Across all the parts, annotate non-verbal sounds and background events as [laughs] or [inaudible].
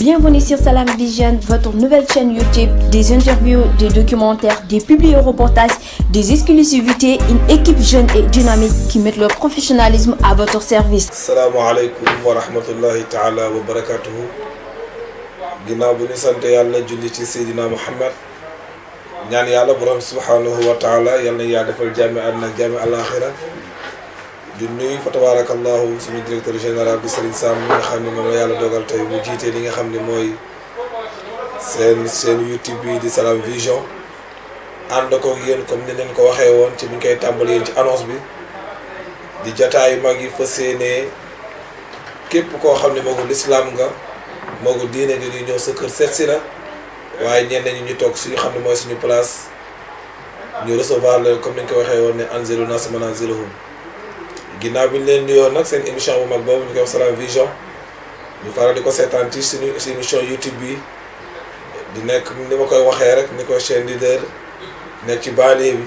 Bienvenue sur Salam Vision, votre nouvelle chaîne YouTube, des interviews, des documentaires, des publi des exclusivités, une équipe jeune et dynamique qui met leur professionnalisme à votre service. Salaamu aleykum wa rahmatullahi taala wa barakatuhu ginnaaw bu ñu sant yàlla julli ci Seydina Muhammad ñaan yàlla borom subhanahu wa taala yàlla na yaa defal jaami àddina ak jaami alaaxira di nuyu fa tabarakallahu suñu directeur général bi Serigne Sam mi nga xam ne moom la yàlla dogal tey mu jiitee li nga xam ne mooy seen seen YouTube bi di Salam Vision ànd ko yéen comme ni leen ko waxee woon ci bi ñu koy tàmbali ci annonce bi di jataayu mag yi fas yéenee képp koo xam ne moogu lislaam nga moogu diine nga ñuy ñëw sa kër seet si la waaye ñenn ñi ñu toog suñu xam ne mooy suñu place ñu recevoir leen comme ni ñu ko waxee woon ne anzilu nas manazilahum ginnaaw bi ñu leen nuyoo nag seen émission bu mag boobu ñu koy wax Salam Vision ñu faral di ko seetaan ci suñu si émission YouTube bi di nekk ni ma koy waxee rek ni ko di leader nekk ci banlieue bi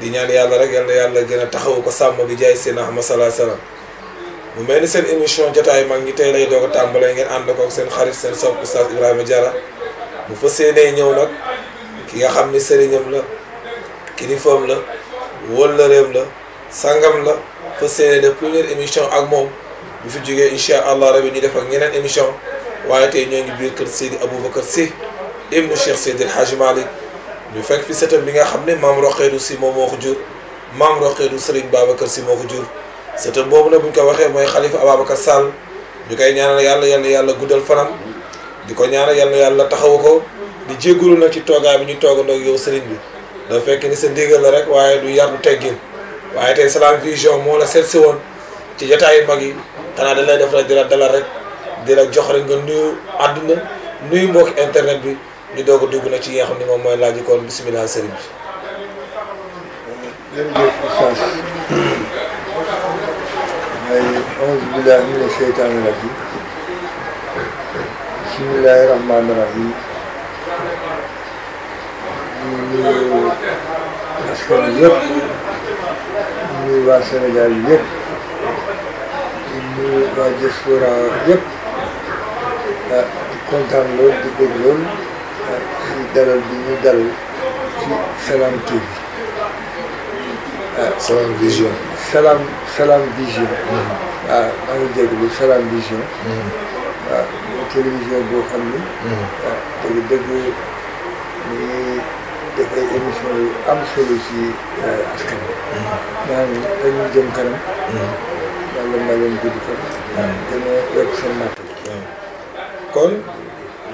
di ñaan yàlla rek yal yàlla gën a taxawu ko sàmm bi jaay seen ahma salaa salaam mu mel ni seen émission jotaay mag ñi tey lay doog a tàmbalee ngeen ànd ko ak seen xarit seen sopp Oustaz Ibrahima Diarra bu fa seenee ñëw nag ki nga xam ni sëriñam la kilifaam la la. fa séeré def première émission ak moom bu fi jógee incha allah rabi ñu def ak ñeneen émission waaye tey ñoo ngi biir kër Seydi Aboubacar Sy ibnu Cheikh Seydi El Hadji Malick ñu fekk fi setam bi nga xam ne maam Roqeedu si moom moo ko jur maam Roqeedu Serigne kër si moo ko jur setam boobu ne bu ñu ko waxee mooy Khalifa Ababacar Sall ñu koy ñaanal yàlla yàlla yàlla guddal fanam di ko ñaanal yàlla yàlla taxawu ko di jéggulu nag ci toogaay bi ñu toogandoo ak yow bi dafa fekk ni sa rek waaye du yar du waaye tey Salam Vision moo la seet si woon ci jotaayu mag yi xanaa dañ lay def rek di la dalal rek di la jox rek nga nuyu àdduna nuyu mbokk internet bi ñu doog a dugg na ci yi nga xam ne moom mooy laaj kon bisimilah sëriñ bi. jërëjëf Oustaz may auzu billaahi mina sheytaani rajiim bismillaahi rahmaani rahiim ñu nuyu askan yëpp di nuyu waa Sénégal yëpp di nuyu waa diaspora yëpp di kontaan lool dalal di ñu dalal ci Salam TV ah Salam Vision. Salam Salam Vision. Mm-hmm. ah télévision boo xam ni. ah, mm-hmm. ah dëgg-dëgg. am solo si euh, askan bi. naan kon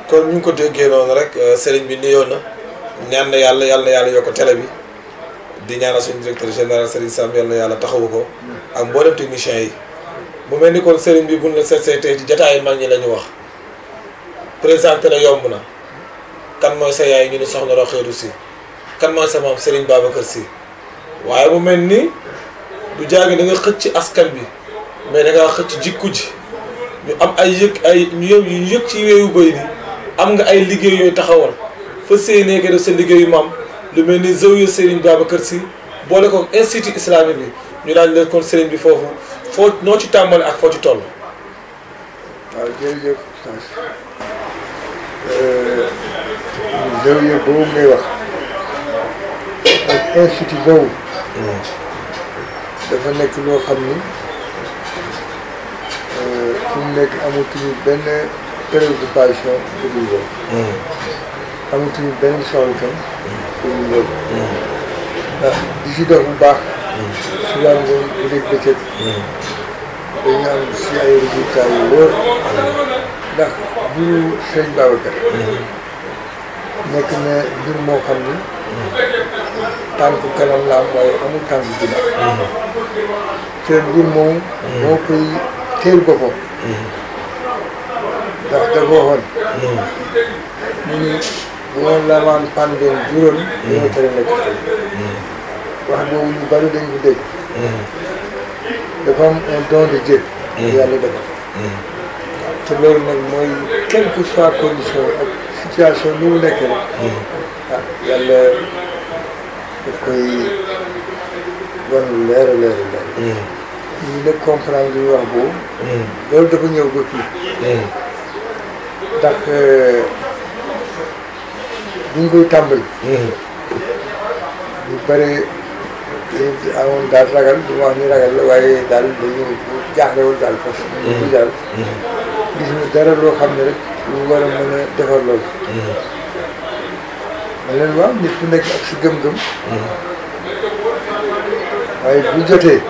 kon ñu ko déggee noonu rek euh, sëriñ bi nuyoo na ñaan na yàlla yàlla na yàlla yokk télé bi di ñaanal suñu directeur général Serigne Sam yàlla na yàlla taxawu ko ak mboolem technicien yi mu mel ni kon sëriñ bi buñ la seet see tey jotaayu mag ñi la wax présenté na yomb na kan mooy sa yaay ñu ni soxna Rokhaya Roussi kan mooy sa maam Serigne Babacar si waaye mu mel ni du jaage danga nga xëcc askan bi mais danga ngaa xëcc jikku ji ñu am ay yëg ay ñu yëg yu yëg ci weewu béy bi am nga ay liggéey yooyu taxawal fa séenee nga def sa liggéeyu maam lu mel ni zawiya Serigne kër si boole ko institut islamique bi ñu laaj leen kon bi foofu foo noo ci tàmbale ak foo ci toll. waaw euh, wax. ak institut boobu. dafa nekk loo xam ni euh, fu mu nekk amatuñu benn préoccupation benn soxla tam bu dul loolu. ndax di si dox bu bu dégg ndax mbiru Sëñ Babacar. nekk na mbir moo xam ni. tànk kanam la am waaye amul tànk ginnaaw. te mbir moom. moo koy teel boppam. ndax dafa waxoon. ñu ni bu ma lamaan pandeen juróom. ñoo tere nekk wax boobu ñu bari dañ ko dégg. dafa am un don de Dieu. yàlla def te loolu nag mooy quelle que soit condition ak situation ni mu nekkee. ah yàlla daf koy wan leer a leer a leer. ñu mm. comprendre li wax boobu. Mm. loolu dafa ñëw ba fii. Mm. ndax euh, buñ koy tàmbali. ñu bare dañu amoon daal ragal du wax ni ragal la waaye daal dañu jaaxlewul daal parce que. ñu ngi daal gis dara loo xam ne rek lu war a mën a defar loolu. ma leen waaw nit ku nekk ak si gëm-gëm. waaye bu jotee.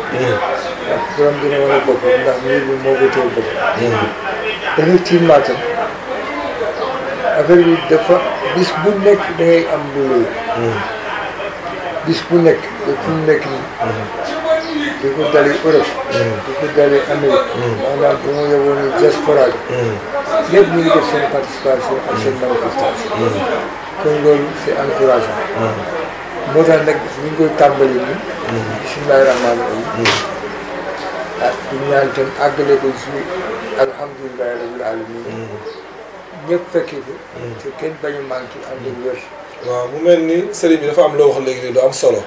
ak borom dina war a bokk ndax mbir mi moo ko teel bokk. effectivement bi dafa bis bu nekk da am lu lay. bis bu nekk te mu nekk nii. di ko dalee Europe. di ko dalee Amérique. maanaam bu mu yeboon diaspora bi. ñëpp def seen participation ak seen manifestation. kon si c' est encourageant. moo tax nag ñu ngi koy tàmbali nii. bisimilah rahmaani rahiim. a ah, ñu ñaan itam àggale ko ci alhamdulilah rabil alamin. ñëpp fekkee kenn bañ a manqué ak waaw mu mel nii sëriñ bi dafa am loo wax léegi nii lu am solo.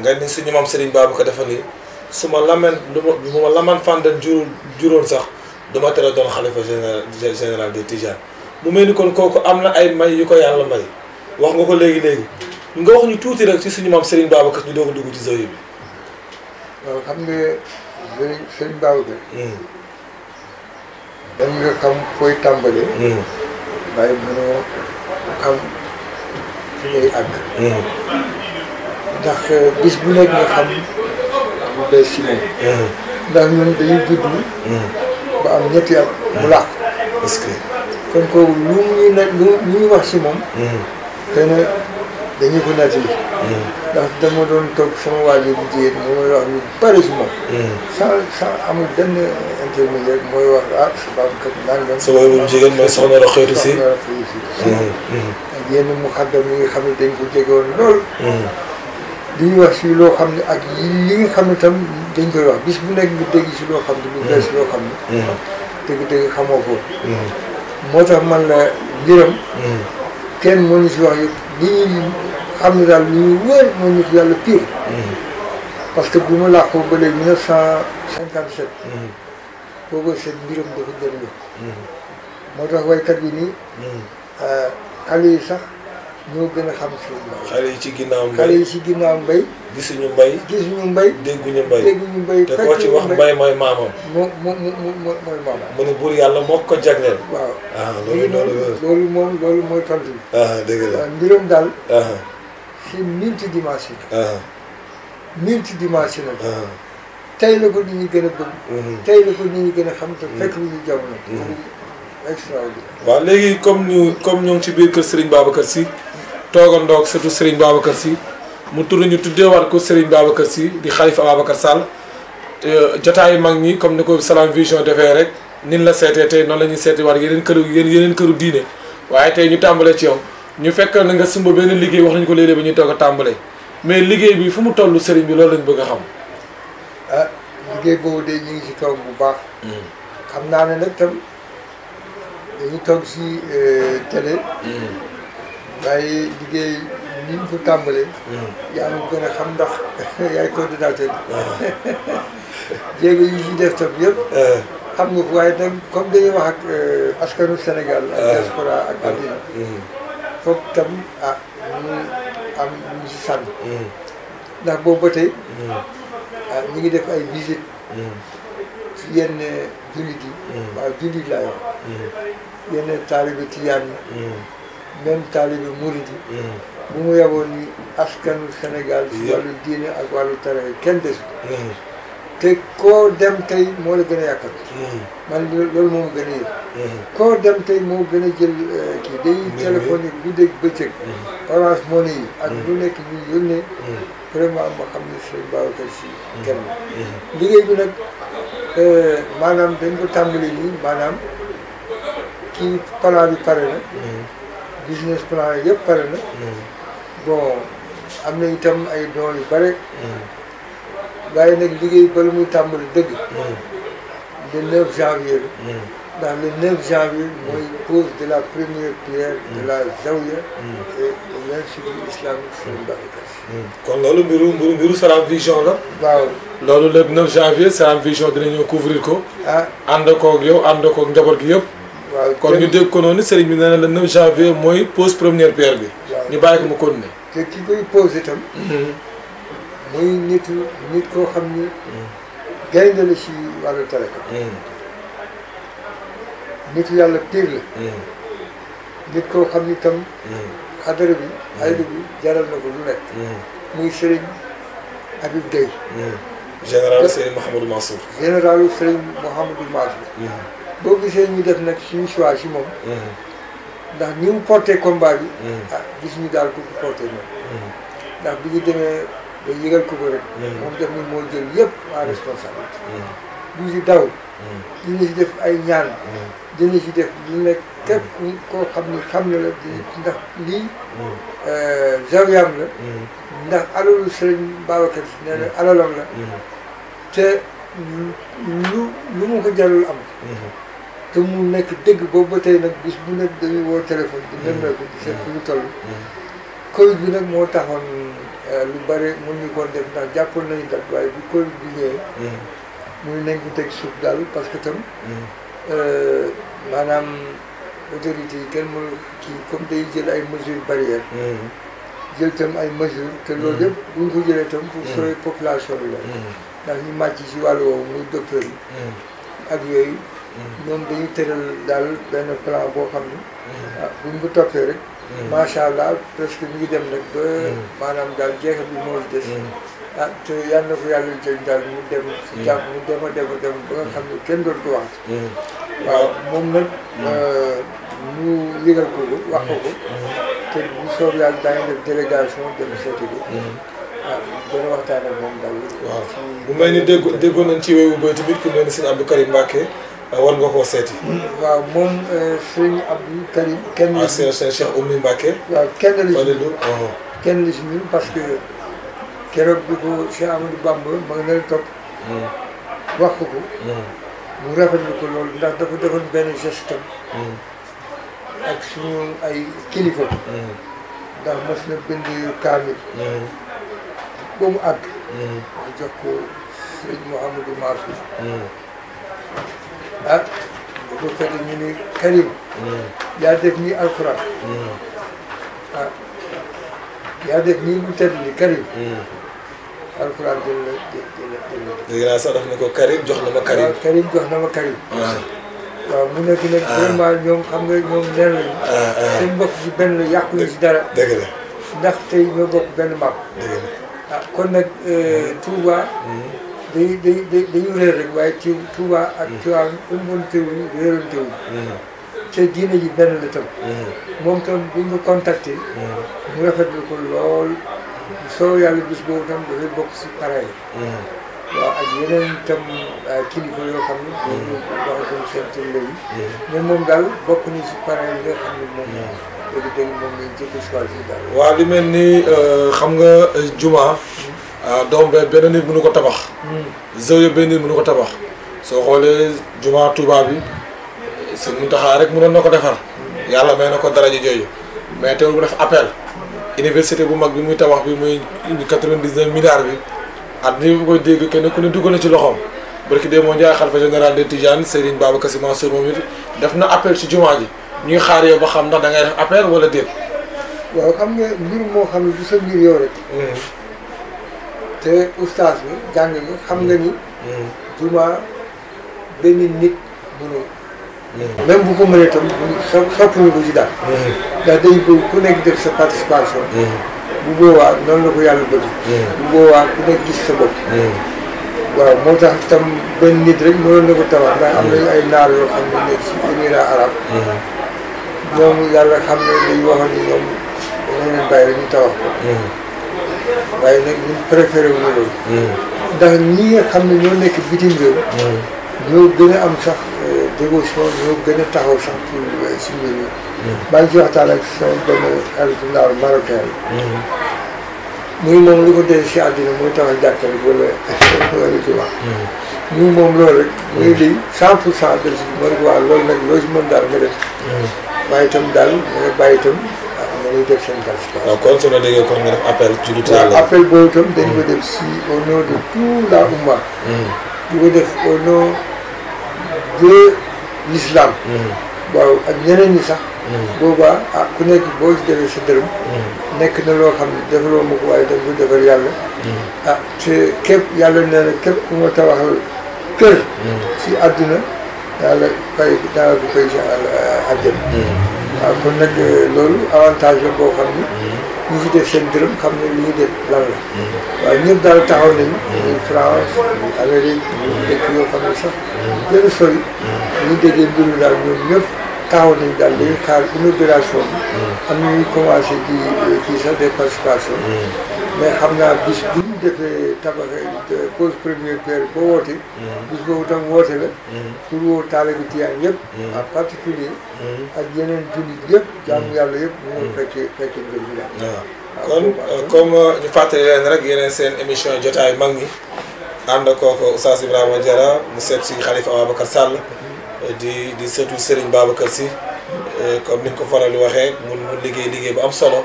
nga ni suñu maam sëriñ Baabu ko dafa ni su ma laman lu ma bu laman fàndal juróom juróom sax duma tere doon xalifa général général de Tijane. mu mel ni kon kooku am na ay may yu ko yàlla may wax nga ko léegi léegi nga wax ñu tuuti rek ci suñu maam Serigne Babacar ñu doog a dugg ci zawiya bi. waaw xam nga Serigne Serigne Babacar. Hmm. Hmm. ngay àgg. Hmm. ndax euh, bis bu nekk nga xam ndax ñun dañuy judd. ba am ñetti at mu làq. est kon kooku lu ñuy na lu ñuy wax si moom. Hmm. xëy na dañuy ko nattali. Hmm. ndax dama doon toog sama waajur bu jigéen moom mooy wax lu bari si moom. Hmm. sans sans amul benn intermédiaire mooy wax ah subaab kat nangam. sama bu jigéen mooy soxna Roxeetu yenn mu xaddam yi nga xam ne dañ ko jege woon loo xam ne ak li nga xam ne tam dañ koy nekk nga dégg si loo xam ne. lu xam ne. dëgg-dëgg xamoo ko. moo tax man la mbiram hmm. kenn mënu ci wax yi li ñu xam ne daal lu ñu wóor mooy nit yàlla pire hmm. parce que bu ma làqoo ba léegi mille neuf cent cinquante sept hmm. boobu seen mbiram dafa gën a moo tax waykat bi nii euh, xale yi sax ñoo gën a xam sëriñ Mbay. xale yi ci ginnaaw mbay xale yi ci ginnaaw mbay. gisuñu mbay. gisuñu mbay. dégguñu mbay dégguñu mbay. te koo ci wax mbay mooy maamam. moo moo moo mooy maamam. mu ne buur yàlla moo ko jagleel. waaw ah loolu loolu loolu moom loolu mooy tontu bi. ah dëgg la waaw mbiram daal. si ah. multi dimension. Ah. multi dimension ah. la. tey ko nit ñi gën a bëgg. Mhm. tey la ko nit ñi gën a xam te mhm. fekk lu ñu jamono. Mhm. waaw léegi comme ñu comme ñoo ci biir kër Serigne Babacar Sy. toogandoo ak surtout Serigne Babacar Sy mu tudd ñu tuddeewaat ko Serigne Babacar si di xalifa Ababacar Sall euh, jotaayu mag ñi comme ni ko Salam Vision defee rek nin la seetee tey noonu la ñuy seeti waat yeneen këru yeneen këru diine waaye tey ñu tàmbalee ci yow ñu fekk na nga sumba benn liggéey wax nañu ko léeg-léeg ba toog a tàmbalee mais liggéey bi fu mu toll Serigne bi loolu lañ bëgg a xam. Ah, liggéey boobu de ñu ngi ci toog bu baax. Hmm. xam naa ne nag tam dañu toog si euh, télé. Hmm. waaye liggéey ni mu ko tàmbalee. Hmm. yaa ngi gën a xam ndax [laughs] yaay coordinateur hmm. [laughs] jéego yi ñu def tam yëpp. Hmm. xam nga ko waaye nag comme dañuy wax ak euh, askanu senegal ak diaspora ak àddina. foog tam ah ñu am ñu si sànni. ndax boobu ba tey. Ah, ñu ngi def ay visite. ci yenn jullit yi. waaw jullit laa yor. yenn taalibe ci yaan même taalibe murid yi hmm. bu mu yaboon ni askanu Sénégal si wàllu diine ak wàllu tarixa kenn desu hmm. te koo dem tey moo la gën a yàqal hmm. man loolu moom gën a yëg koo dem tey moo gën a jël euh, kii day téléphone yi guddeeg bëccëg orange money yi ak lu nekk ñu yónnee vraiment ma xam ne sëñ Babacar Sy kenn liggéey bi nag euh, maanaam dañ ko tàmbali nii maanaam kii palaa pare na business plan yëpp pare na. Hmm. bon am na itam ay dons yu bare. waaye hmm. nag liggéey bala muy tàmbali dëgg. Hmm. le 9 janvier la. ndax le janvier mooy pose de la première pierre de la Zawiya. et de l' institut islamique Serigne Babacar kon loolu mbiru mbiru mbiru Salam Vision la. waaw loolu le 9 janvier Salam Vision dinañoo couvrir ko. ah ànd koog yow ànd koog njaboot gi yëpp. waaw kon ñu dégg ko noonu sëriñ bi nee na le 9 janvier mooy pose première pierre bi. ñu bàyyi ko mu continuer. te ki koy pose itam. muy mm-hmm. nit nit koo xam ni. Mm. gaynde la ci wàllu tariqa. Mm. Mm. nit yàlla piir la. koo xam nitam itam. bi aydu bi jaral na lu nekk. muy sëriñ Habib Gueye. général sëriñ Mouhamadou Mansour. général boo gisee ñu def nag suñu choix si moom. Mm-hmm. ndax ni mu porté combat bi. Mm-hmm. ah gis ñu daal ku ko porté moom. Mm-hmm. ndax bi ñu demee ba yëgal ko ko rek. moom def moo jël yëpp en responsabilité. ñu si daw. dina si def ay ñaan. dina si def lu nekk képp koo xam ne xam na la ndax lii. Euh, zawiyam la. ndax alalu sëriñ Babacar Si nee na alalam la. te lu lu mu ko jarul am. te mu nekk dëgg boobu ba tey nag bis bu nekk dañuy woo téléphone di nemmeeku di seet fu ñu toll covid bi nag moo taxoon euh, lu bari mun ñu koon def ndax jàppoon nañu dat waaye bu covid bi ñëwee muy nañ ko teg suuf daal parce que tam euh, maanaam autorités yi kenn mënu ci comme day jël ay mesures barrières jël tam ay mesures te loolu yëpp bu ñu ko jëlee tam pour sauver population la ndax ñu màcc ci wàllu woowu muy docteur ak yooyu ñoom dañu tëral daal benn plan boo xam ni. ah buñ ko toppee rek. macha allah presque mi ngi dem nag ba. maanaam daal jeexal bi moo des. ah te yal na ko yàlla jël daal mu dem. si jàmm mu dem a dem a dem ba kenn doon ko waaw moom nag. Euh, ñu ko ko wax ko ko. te bu soobee yàlla daañu def délégation dem seeti ah, dana waxtaan ak moom daal. waaw bu may ni déggoon nañ ci wéyu boy tamit ku mel ni sëñ Abdou Euh, war nga seeti. waaw moom euh, sëñ Abdou Karim. kenn ah, la si waaw uh-huh. kenn la si ñun kenn parce que keroog bi ko Cheikh Amadou Bamba ma topp. Uh-huh. wax ko ko. Uh-huh. mu rafetlu ko loolu ndax dafa defoon benn geste. ak suñu ay kilifa. ndax mos na bind kaamil. ba mu àgg. jox ko sëñ Mouhamadou Mansour. ah bu ko fekkee ñu ni yaa def nii alxuraan. Ah, yaa def nii lu tedd ni alxuraan jël la jël la ko Karim jox na ma Karim. waaw Karim na ma Karim. waaw mu ah. ñoom xam nga ñoom nen lañu. Ah, seen mbokk ci benn la ci dara. dëgg la ndax tey ñoo bokk benn maam. kon nag euh, Touba. Hmm. dañuy dañuy dañu réer rek waaye ci Touba ak mm. Tiwaawan ëmbante wuñu réerante wuñu mm. te diine ji benn la tam mm. moom tam buñ ko contacté mu rafetlu ko lool soo yàlla bis boobu tam dafay bokk si pareil waaw ak yeneen tam kilifa yoo xam ne ñooñu waxoon seen tur moom daal bokk ni si pareil yoo xam ne moom léegi dégg moom lañ jëkk choisir daal euh, xam nga euh, juma Ah, doom be benn nit mënu ko tabax zawiya benn nit mënu ko tabax soo xoolee jumaa Tuubaa bi Sëñ Muntaxa rek mu mënoon na ko defar yàlla may na ko daraja jooju mais teewul mu def appel université bu mag bi muy tabax bi muy indi quatre-vingt-dix-neuf milliards bi at ni bu koy dégg kenn ku ne dugg na ci loxoom barki dee moo njaay xalifa général des Tidianes Serigne Babacar Sy Mansour moom it def na appel ci jumaa ji ñu ngi xaar yow ba xam ndax da ngay def appel wala déet waaw am nga mbir moo xam ne du sa mbir yow te oustaz bi jàng yi xam nga ni. juma mm-hmm. benn nit mënul. Mm-hmm. même bu ko mënee tam soppuñu ko ci daal. Mm-hmm. ku nekk def sa participation. bu boobaa noonu la ko yàlla ku nekk gis sa bopp. waaw moo tax tam benn nit rek mënoon na ko tabax ndax am nañu ay naar yoo xam ne nekk ci émirat arabe. ñoom yàlla xam ne dañu waxoon ni ñoom dañu rek ñu tabax waaye nag ñun préféré wu loolu hmm. ndax ñi nga xam ne ñoo nekk bitim réew hmm. ñoo gën a am sax euh, dévotion ñoo gën a taxaw sax pour suñu réew maa ngi ci waxtaan hmm. muy moom ko dee si àddina mooy taxaw jàkkale wala wala ci wax ñu moom loolu rek muy lii cent pour cent si ma ne ko loolu nag loo si mën daal nga def waaye itam daal nga bàyyi itam day def seen participation. kon su ma déggee kon nga def appel. ci lu dañ ko def si au nom de tout la umma. di ko def au nom de l'islam. waaw ak ñeneen ñi sax. boobaa ah ku nekk boo si defee sa dërëm. nekk na loo xam ne defaloo ma ko waaye dafa defal yàlla. ah te képp yàlla nee na képp ku ma tabaxal kër. si àdduna yàlla fay daa ko fay si àjjana. waaw ah, kon nag euh, loolu avantage la boo xam ni. Hmm. ñu fi def seen dërëm xam ne li ñu def lan la. Hmm. waaye ñëpp daal taxaw nañu. Hmm. muy France muy Amérique muy dëkk yoo xam ne sax. gën sori. ñu déggee mbiru daal ñoom ñëpp taxaw nañu daal dañuy xaar inauguration bi. am nañu commencé di euh, kii sax des participations. mais xam naa bis bu. defee tabaxee euh, pose première pierre boo wootee. Mm-hmm. bis boobu tam woote la. Mm-hmm. pour woo taalibe Tijaan yëpp. Mm-hmm. en particulier ak yeneen jullit yëpp. jaamu yàlla yëpp ñu ngi fekkee fekkee mbir mi la. Ah. kon euh, comme euh, ñu fàttali leen rek yeneen seen émission jotaay mag ñi ànd kooku Oustaz Ibrahima Diarra mu seet si Khalifa Ababacar Sall. di di sëtu Serigne Babacar Sy. comme ni ko faral di waxee mun mun liggéey liggéey bu am solo.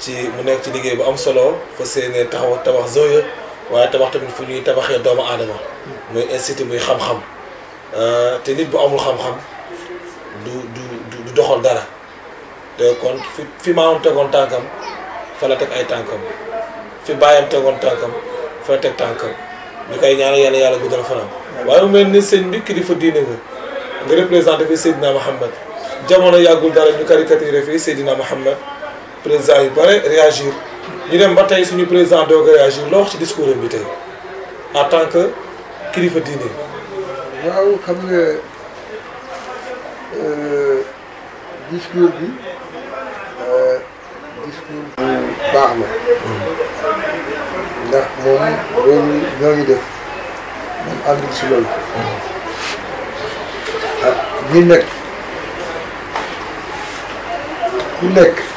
ci mu nekk ci liggéey bu am solo fa seenee taxaw tabax zoya waaye tabax tamit fu ñuy tabaxee doomu aadama muy institut muy xam-xam euh, te nit bu amul xam-xam du du du doxal dara te kon fi fi maamam tegoon tànkam fa la teg ay tànkam fi bàyyam tegoon tànkam fa la teg tànkam ñu koy ñaanal yàlla yàlla guddal fanam waaye mu mel ni sëñ bi kilifa diine nga nga représenté fi Seydina Mouhamed jamono yàggul dara ñu caricaturé fii Seydina Mouhamed président yu bare réagir ñu dem ba tey suñu président doog réagir loo wax ci discours bi tant que kilifa diine. waaw xam nga euh, euh, discours bu baax la. ndax moom loolu ñoo ngi def moom àndul si loolu. ak ñi nekk ku nekk.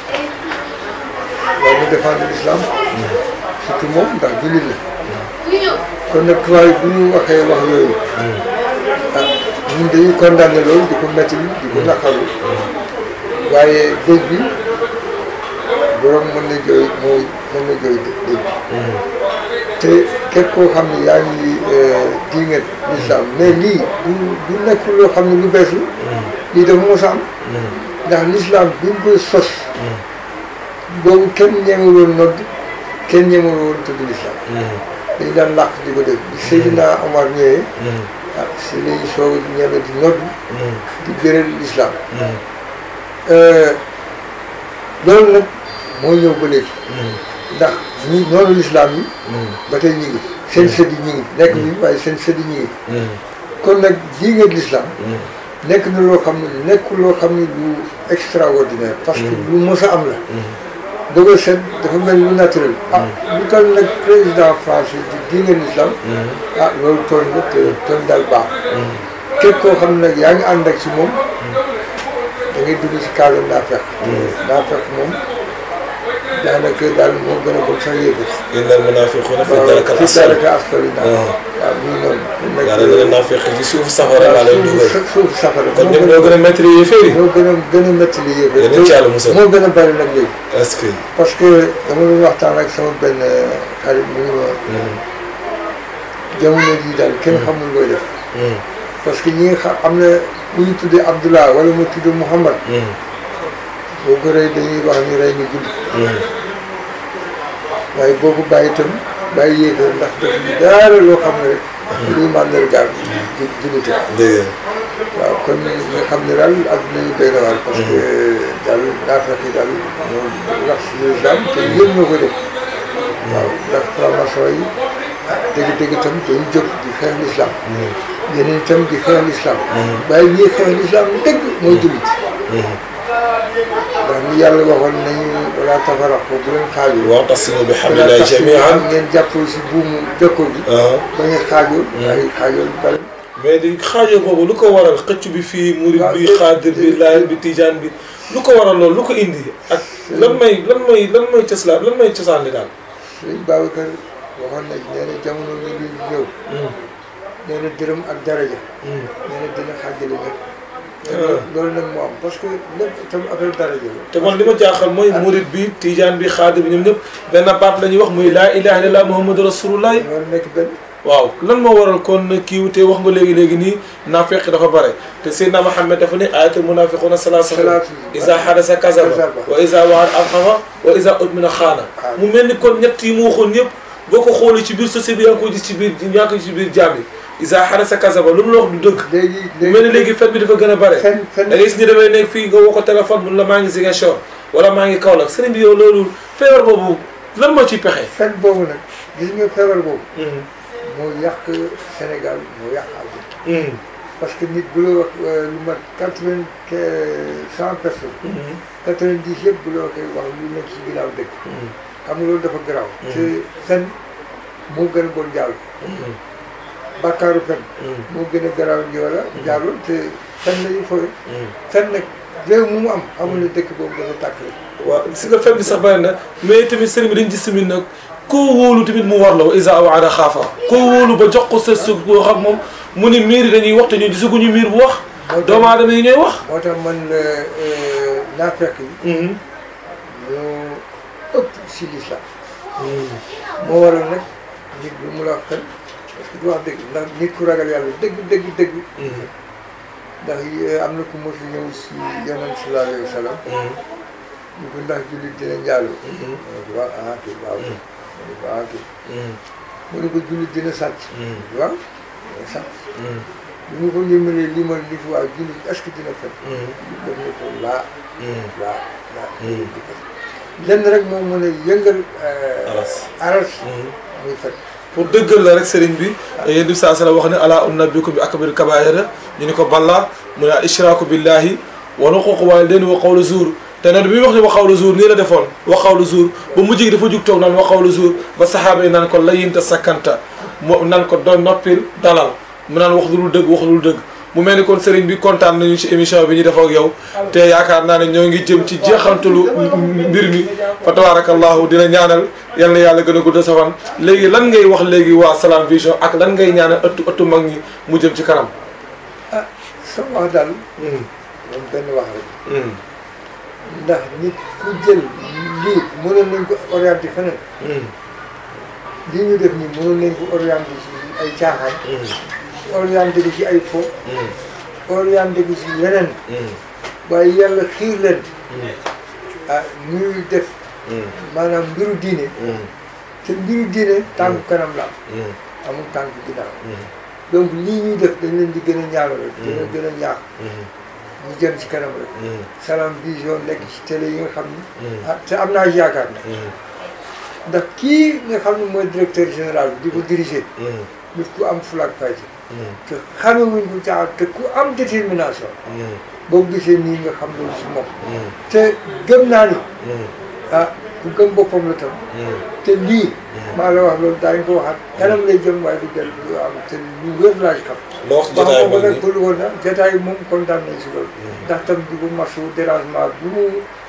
war na défendre l'islam surtout moom ndax jullit la kon nag tubaab bu ñu waxee wax yooyu ah ñun dañuy condamné loolu di ko metti di ko naqaru waaye dëj bi borom mën na jooy moo mën na jooy dëj te képp koo xam ne yaa ngi euh, diingat l'islam mais lii du du nekk loo xam ne lu bees la lii dafa mos mm. ndax l'islam bi ñu koy sos mm. boobu kenn ñemewul woon nodd kenn ñemewul woon tudd lislaam hmm. dañu daan làq di ko dégg bi Seydina Omar ñëwee hmm. si lañu soog a ñeme di nodd hmm. di bérél lislaam euh, loolu nag moo ñëw ba léegi ndax ñi noonu lislaam yi ba tey ñu ngi seen sëddi ñu ngi nekk ñu waaye seen sëddi ñu ngi kon nag jii nga lislaam nekk na loo xam ne nekkul loo xam ne lu extraordinaire parce que lu mës a am la dëgg set dafa mel ni naturel. Mm. ah bu toll nag président français di diine l'islam mm. ah loolu toll na te toll daal baax. Mm. képp koo xam ne nag yaa ngi ànd ak si moom. da ngay dugg si daanaka daal moo gën a bon sax yéegu. innal munaafiquuna fi darkil asfali waaw ah. muy noonu. daanaka da nga fekk ci suuf safara laa lay dugal. suuf safara kon ñoom ñoo gën a métti li yëfee yi. ñoo gën a gën a métti li yëfee. yéen a ci àll musal moo gën a bari nag léegi. est-ce que. parce que dama doon waxtaan ak sama benn xarit bu ñu ma. Hmm. jamono jii daal kenn hmm. xamul looy def. Hmm. parce que ñi nga xam am na bu ñu tuddee Abdullah wala mu tudd Mouhamad. boo ko rey dañuy wax ni rey ñu julli hmm. waaye boobu bàyyi itam bàyyi yéegal ndax def ñu daara loo xam ne rek hmm. luy màndargaal jullite kon nga xam ne daal adduna yi doy parce que hmm. daal naafeq yi daal ñoo rax si l'islam te yéen ñoo ko def waaw ndax franc-maçon yi dëgg-dëgg itam dañu jóg di xeex l'islam yeneen itam di xeex l'islam waaye ñii xeex l'islam dëgg mooy jullit ndax li yàlla waxoon nañu wala tafaraq bu leen xaajul. waaw tasimu bi hamdillahi jami'an ngeen jàppoo si buumu dëkko bi. Ah. ba ngeen xaajul. Hmm. ay xaajul bari. mais di xaajoo boobu lu ko waral xëcc bi fii. murid bi xaadir bi laayeen bi tijaan bi. lu ko waral loolu lu ko indi ak. lan may lan mooy lan mooy cëslaam lan mooy cësaan li daal. sëñ Babacar waxoon nañ nee na jamono bi ñëw. Hmm. nee na dërëm ak daraja. Hmm. nee na dina xaajale ñëpp. loolu nag moo am parce que lépp itam affaire dara jëloon. te man li ma jaaxal mooy murid bi tijaan bi xaadir bi ñoom ñëpp benn baat la ñuy wax muy laa ilaha illallah muhammadu rasulullah. ñoo nekk benn. waaw lan moo waral kon kiiw te wax nga léegi léegi nii naafeq dafa bare te Seydina Muhammad dafa ne ayatul munafiquna salaasa isa xadasa kasaba wa isa waxar alxafa wa isa utmina xaana mu mel ni kon ñett yi mu waxoon yëpp boo ko xoolee ci biir société bi yaa ngi koy gis ci biir yaa ngi koy gis ci biir jaam yi isa xarasa kasaba lu mu la wax du dëkk léegi mel ni léegi fen bi dafa gën a bare da ngay gis ñu demee nekk fii nga woo ko téléphone mun la maa ngi Ziguinchor wala maa ngi Kaolack sëriñ bi yow loolu feebar boobu lan moo ciy pexe fen boobu nag gis nga feebar boobu hmm. moo yàq senegal moo yàq àdduna hmm. que nit bu la wax euh, lu mat quatre vingt cent hmm. yëpp bu la waxee wax lu nekk si ginnaaw dëkk xam loolu dafa garaaw te fen moo gën a jaal bàkkaaru fen mm. moo gën a garaaw njoola njaaloo mm. te fen la ñu fooy mm. fen nag réew mu am amul dëkk boobu dafa tàkk waaw si nga fen bi sax bari na mais tamit sëriñ bi dañ gis tamit nag koo wóolu tamit mu war la wa isa awaada xaafa koo wóolu ba jox ko sa su koo xam moom mu ni miir dañuy wax te ñu gisuguñu miir bu wax doomu aadama yi ñooy wax moo tax man euh, euh, naa yi ñoo mm-hmm. ëpp si lislaam moo waral nag mu la fen parce que du wax dëgg ndax nit ku ragal yàlla dëgg dëgg dëgg. Mhm. ndax eh, am na ku ma fi ñëw si yonent sallallahu alayhi wa sallam. Mhm. ñu ko ndax jullit dina njaalu. mu mhm. ne waaw mu ne ko jullit dina sàcc. waaw dina sàcc. bu ñu ko yëmalee li fi waaw jullit est dina fen. def na ko laa. laa laa lenn rek moo mën a yëngal. Eh, aras aras muy fen. pour dëggal la rek sëriñ bi yéen bi saa sala wax ne ala unabbiukum bi akbaril kabaa'ira ñu ni ko balla mu ne al ishraaku billahi wa huquuqu waalidayni wa qawlu zuur te nag bi muy wax ne wa qawlu zuur nii la defoon wa qawlu zuur ba mujj gi dafa jug toog naan wa qawlu zuur ba saxaaba yi naan ko layinta sakkanta mo naan ko doon noppil dalal mu naan wax lu dul dëgg wax lu dul dëgg mu mel ni kon sëriñ bi kontaan nañu ci émission bi ñu def ak yow te yaakaar naa ne ñoo ngi jëm ci jeexantalu mbir mi fa tabaarakallahu dina ñaanal yal na yàlla gën a gudd sa fan léegi lan ngay wax léegi waa salaan Vision ak lan ngay ñaanal ëttu ëttu mag ñi mu jëm ci kanam. ah sa wax daal. moom hmm. benn wax rek. Hmm. ndax nit loolu yaa ngi ci ay fo. loolu hmm. yaa ngi ci leneen. Hmm. waaye yàlla xiir leen. Hmm. Ah, ñuy def. maanaam mbiru diine. te mbiru diine tànku kanam la am. amul tànku ginnaaw. donc lii ñuy def dañ leen di gën a ñaax rek. di gën a ñaax. mu jëm ci kanam rek. Salam Vision nekk ci télé yi nga xam ni. Ah, te am naa yaakaar na ndax kii nga xam ne mooy directeur général bi di ko diriger. nit ku am fulaak fayda. te xame wuñ ko caaxaan te ku am détermination. boo gisee nii nga xam loolu si moom. te gëm naa ni. ah ku gëm boppam la te lii. maa la wax loolu daañu ko waxaat kanam lay jëm waaye du dellu du am te lu wér laa ci xam. loo wax jotaay boobu nag bëggoon na moom kontaan nañ si loolu. ndax tam du bu masu dérangement bu mu.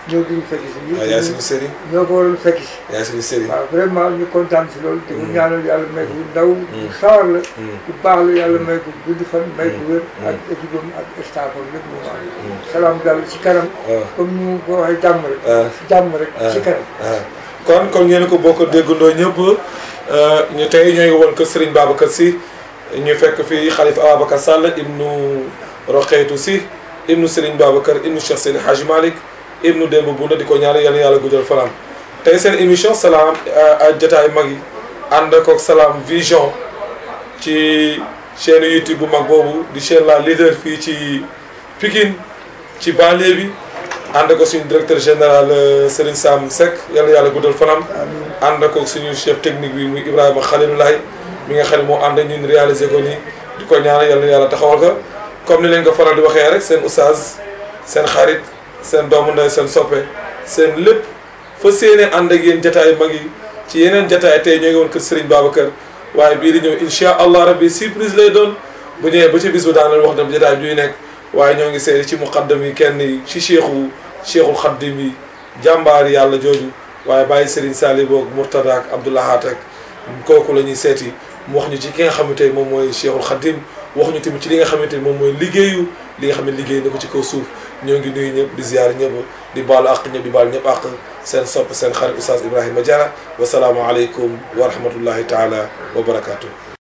ñoo ngi fekk si. ñoo yaay suñu sëriñ ñoo ko waroon fekk si. yaay suñu sëriñ waaw vraiment ñu kontaan si loolu. te bu hmm. ñaanal yàlla may ko hmm. ndaw. bu hmm. sawar la. bu baax la yàlla may ko gudd fan. may ko wér ak équipe am ak staff am lépp moom am. salaam daal si kanam. Ah. comme ñu ko waxee jàmm rek. Ah. jàmm rek ah. si kanam. kon comme ngeen ko bokk déggandoo ñëpp ñu tey ñooy woon kër Serigne Babacar Sy ñu fekk fii Khalifa Ababacar Sall ibnu Roqeytu Sy ibnu Serigne Babacar ibnu Cheikh Seydi Hadji Malick ibnu démb bunda di ko ñaanal yal na yàlla guddal fanaan tey seen émission salaam euh, ak jotaay mag yi ànd ak Salam Vision ci chaîne YouTube bu mag boobu di chaîne la leader fii ci pikin ci banlieue bi ànd ko suñu directeur général euh, Serigne Sam Seck yal na yàlla guddal fanam ànd ko suñu chef technique bi muy Ibrahima Khalilulaay mi nga xam ne moo ànd ñun réaliser ko nii di ko ñaanal yal na yàlla taxawal ko comme ni leen ko faral di waxee rek seen oustaz seen xarit seen doomu ndey seen soppe seen lépp fa séenee ànd ak yéen jataay mag yi ci yeneen jataay tey ñoo ngi woon kër Serigne Babacar waaye bii di ñëw incha allah rabbi surprise lay doon bu ñëwee ba ci bis bu daan leen wax dem jataay juy nekk waaye ñoo ngi seede ci muqaddam yi kenn yi ci cheikhu cheikhul xaddim yi jàmbaar yàlla jooju waaye bàyyi Serigne Sali boog Mourtada ak Abdoulahat ak kooku la ñuy seeti mu wax ñu ci ki nga xamante moom mooy cheikhul xaddim wax ñu tamit ci li nga xamante moom mooy liggéeyu li nga xam ne liggéey na ko ci kaw suuf ñoo ngi nuyu ñëpp di ziar ñëpp di baalu àq ñëpp di baal ñëpp àq seen sopp seen xarit Oustaz Ibrahima Diarra wasalaamualeykum wa rahmatullahi taala wa barakaatu.